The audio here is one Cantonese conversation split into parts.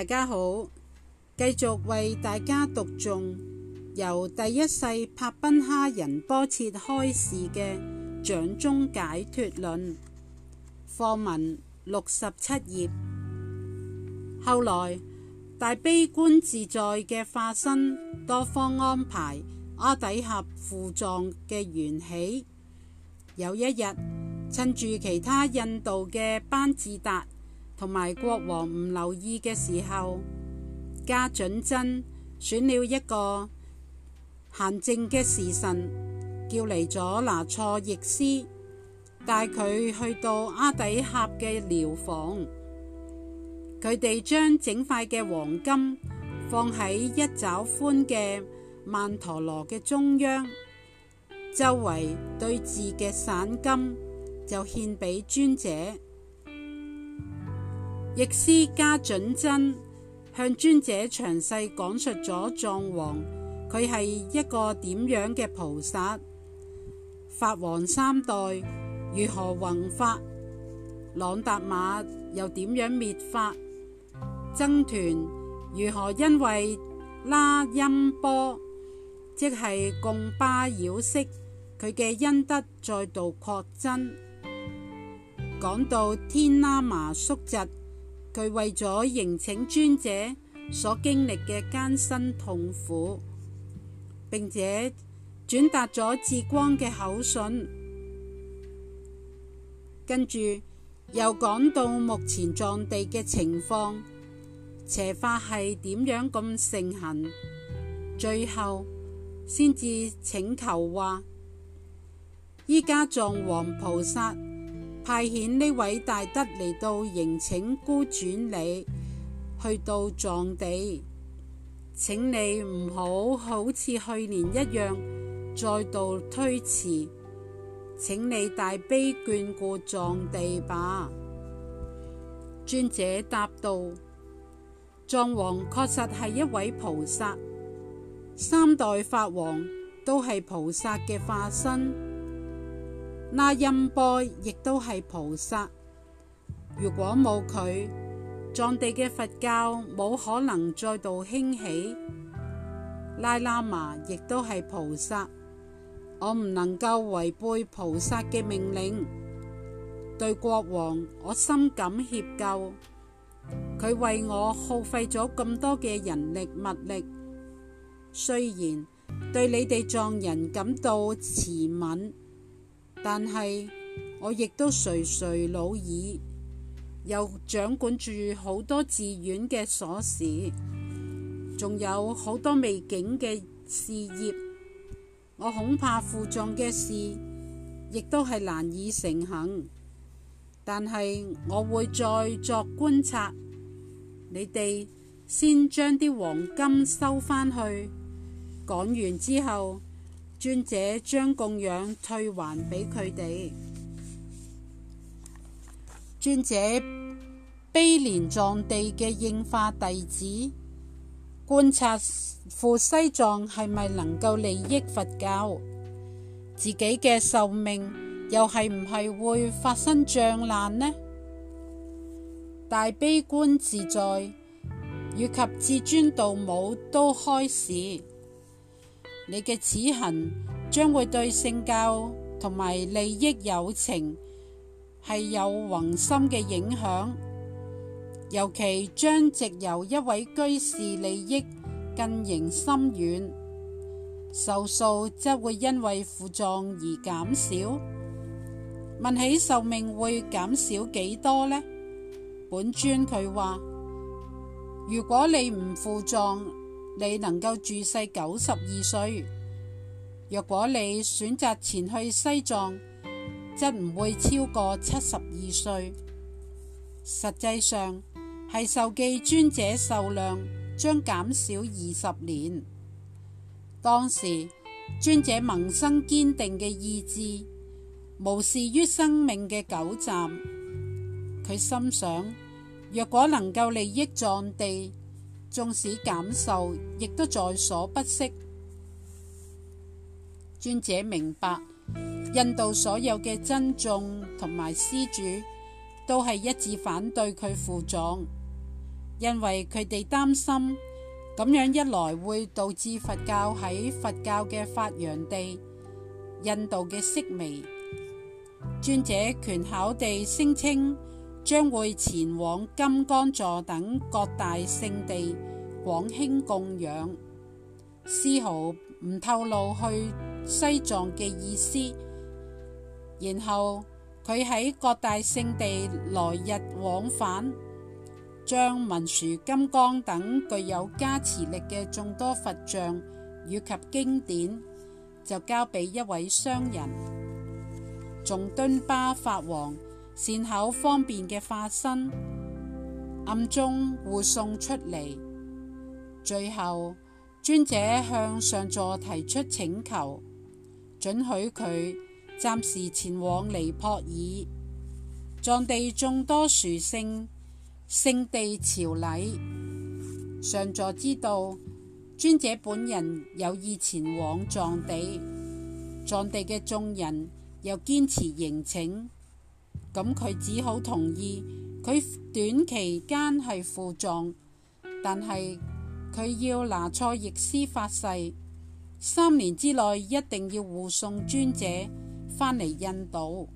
大家好，繼續為大家讀誦由第一世帕賓哈仁波切開示嘅《掌中解脱論》課文六十七頁。後來大悲觀自在嘅化身多方安排阿底峽赴藏嘅緣起，有一日趁住其他印度嘅班智達。同埋國王唔留意嘅時候，加準針選了一個閒靜嘅時辰，叫嚟咗拿錯譯師，帶佢去到阿底峽嘅療房。佢哋將整塊嘅黃金放喺一爪寬嘅曼陀羅嘅中央，周圍對峙嘅散金就獻俾尊者。亦斯加准真向尊者詳細講述咗藏王，佢係一個點樣嘅菩薩，法王三代如何宏法，朗達瑪又點樣滅法，僧團如何因為拉音波即係貢巴繞色，佢嘅恩德再度擴增，講到天喇嘛叔侄。佢為咗迎請尊者所經歷嘅艱辛痛苦，並且轉達咗智光嘅口信。跟住又講到目前藏地嘅情況，邪法係點樣咁盛行，最後先至請求話：依家藏王菩薩，派遣呢位大德嚟到迎請孤轉你去到藏地，請你唔好好似去年一樣再度推遲，請你大悲眷顧藏地吧。尊者答道：藏王確實係一位菩薩，三代法王都係菩薩嘅化身。拉音波亦都係菩薩，如果冇佢，藏地嘅佛教冇可能再度興起。拉喇嘛亦都係菩薩，我唔能夠違背菩薩嘅命令。對國王，我深感歉疚，佢為我耗費咗咁多嘅人力物力，雖然對你哋藏人感到慈憫。但係我亦都垂垂老矣，又掌管住好多寺院嘅鎖匙，仲有好多未竟嘅事業，我恐怕附葬嘅事亦都係難以成行。但係我會再作觀察，你哋先將啲黃金收翻去，講完之後。尊者將供養退還俾佢哋。尊者悲憐藏地嘅應化弟子，觀察赴西藏係咪能夠利益佛教，自己嘅壽命又係唔係會發生障難呢？大悲觀自在以及至尊度母都開示，你嘅此行將會對性教同埋利益友情係有宏深嘅影響，尤其將藉由一位居士利益更形深遠，壽數則會因為負狀而減少。問起壽命會減少幾多呢？本尊佢話：如果你唔負狀，你能夠住世九十二歲，若果你選擇前去西藏，則唔會超過七十二歲。實際上係受記尊者壽量將減少二十年。當時尊者萌生堅定嘅意志，無視於生命嘅久暫。佢心想，若果能夠利益藏地。縱使減壽，亦都在所不惜。尊者明白，印度所有嘅僧眾同埋施主都係一致反對佢赴藏，因為佢哋擔心，咁樣一來會導致佛教喺佛教嘅發揚地印度嘅式微。尊者權巧地聲稱。將會前往金剛座等各大聖地廣興供養，絲毫唔透露去西藏嘅意思。然後佢喺各大聖地來日往返，將文殊、金剛等具有加持力嘅眾多佛像以及經典，就交俾一位商人。仲敦巴法王，善口方便嘅化身暗中護送出嚟，最後尊者向上座提出請求，準許佢暫時前往尼泊爾、藏地眾多殊勝聖地朝禮。上座知道尊者本人有意前往藏地，藏地嘅眾人又堅持迎請。咁佢只好同意，佢短期間係負重，但係佢要拿錯亦斯發誓，三年之內一定要護送尊者翻嚟印度。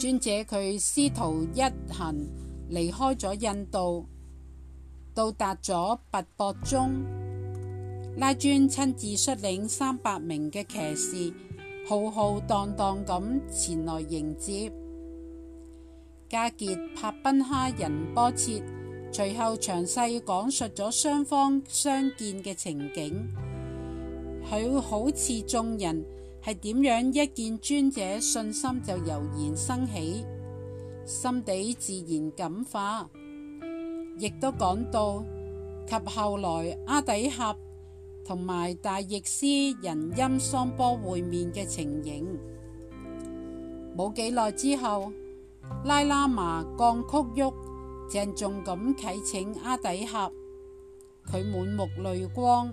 尊者佢師徒一行離開咗印度，到達咗拔博中，拉尊親自率領三百名嘅騎士。浩浩蕩蕩咁前來迎接，加傑帕賓哈仁波切，隨後詳細講述咗雙方相見嘅情景。佢好似眾人係點樣一見尊者，信心就油然生起，心底自然感化，亦都講到及後來阿底峽。同埋大譯師仁音桑波會面嘅情形，冇幾耐之後，拉喇嘛降曲喐鄭重咁啟請阿底峽，佢滿目淚光，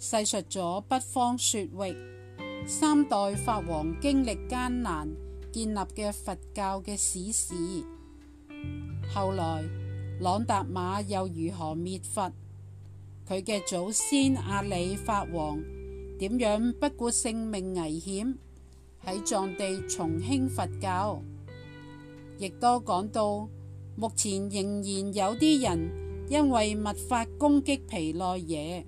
細述咗北方雪域三代法王經歷艱難建立嘅佛教嘅史事。後來朗達瑪又如何滅佛？佢嘅祖先阿里法王點樣不顧性命危險喺藏地重興佛教，亦都講到目前仍然有啲人因為密法攻擊毗奈耶，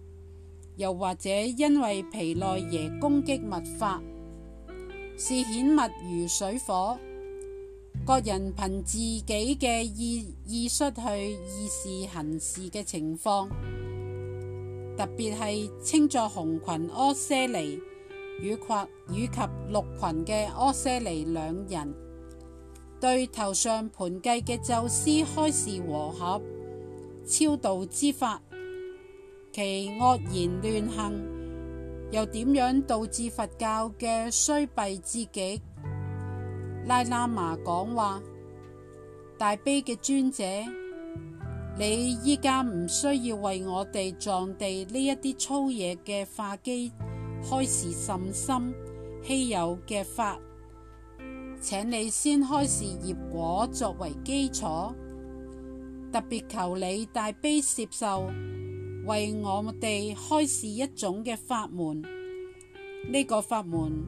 又或者因為毗奈耶攻擊密法，視顯密如水火。各人憑自己嘅意意識去意事行事嘅情況。特別係稱作紅羣阿舍尼與及以及綠羣嘅阿舍尼兩人，對頭上盤計嘅咒師開示和合超度之法，其惡言亂行又點樣導致佛教嘅衰弊之極？拉喇嘛講話大悲嘅尊者。你依家唔需要為我哋藏地呢一啲粗野嘅化機開示甚深稀有嘅法，請你先開示業果作為基礎，特別求你大悲接受，為我哋開示一種嘅法門。呢個法門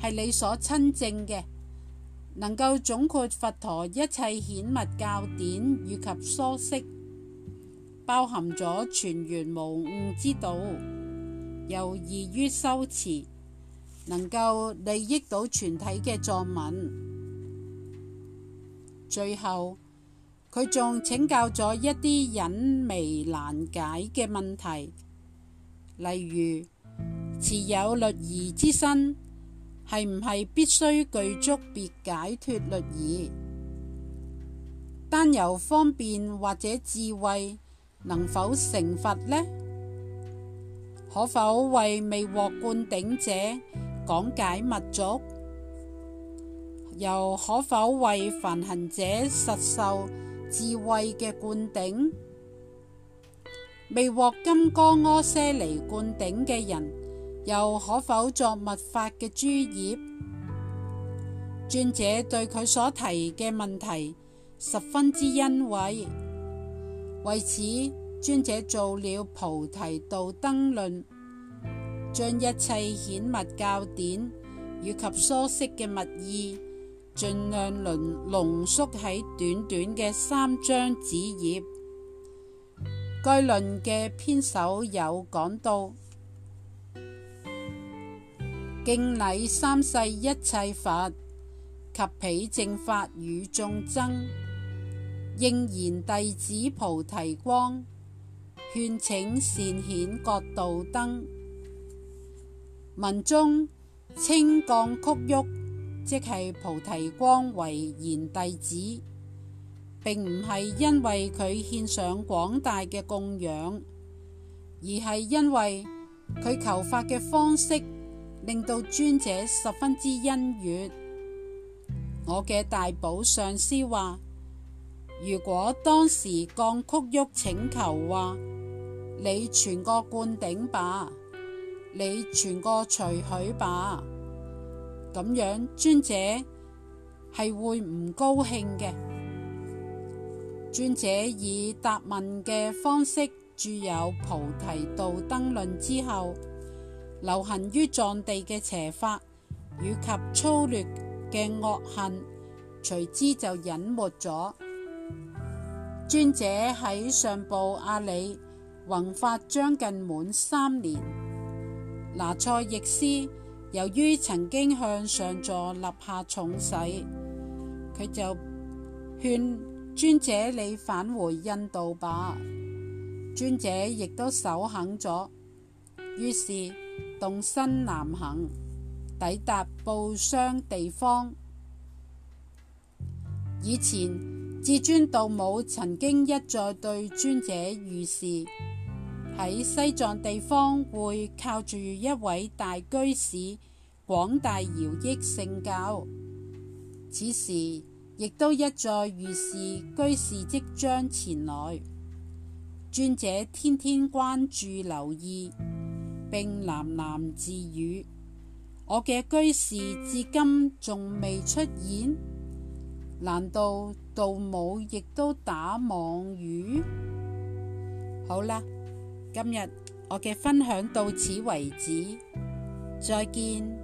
係你所親證嘅，能夠總括佛陀一切顯密教典以及疏釋。包含咗全圓無誤之道，又易於修持，能夠利益到全體嘅作文。最後佢仲請教咗一啲隱微難解嘅問題，例如持有律儀之身係唔係必須具足別解脱律儀，單由方便或者智慧？能否成佛呢？可否為未獲灌頂者講解密續？又可否為凡行者實受智慧嘅灌頂？未獲金剛阿闍黎灌頂嘅人，又可否作密法嘅諸業？尊者對佢所提嘅問題十分之欣慰。為此，尊者做了《菩提道燈論》，將一切顯密教典以及疏釋嘅密意，盡量論濃縮喺短短嘅三張紙頁。該論嘅篇首有講到：敬禮三世一切佛及彼正法與眾僧。應賢弟子菩提光，勸請善顯覺道燈。文中清降曲郁，即係菩提光為賢弟子，並唔係因為佢獻上廣大嘅供養，而係因為佢求法嘅方式令到尊者十分之欣悅。我嘅大寶上師話。如果當時降曲郁請求話：你傳個灌頂吧，你傳個隨許吧，咁樣尊者係會唔高興嘅。尊者以答問嘅方式著有《菩提道燈論》之後，流行於藏地嘅邪法以及粗劣嘅惡行，隨之就隱沒咗。尊者喺上部阿里弘法將近滿三年，拿塞易斯由於曾經向上座立下重誓，佢就勸尊者，你返回印度吧。尊者亦都守肯咗，於是動身南行，抵達布商地方。以前。至尊道母曾經一再對尊者預示，喺西藏地方會靠住一位大居士廣大饒益聖教。此時亦都一再預示居士即將前來。尊者天天關注留意，並喃喃自語：我嘅居士至今仲未出現。難道道母亦都打網魚？好啦，今日我嘅分享到此為止，再見。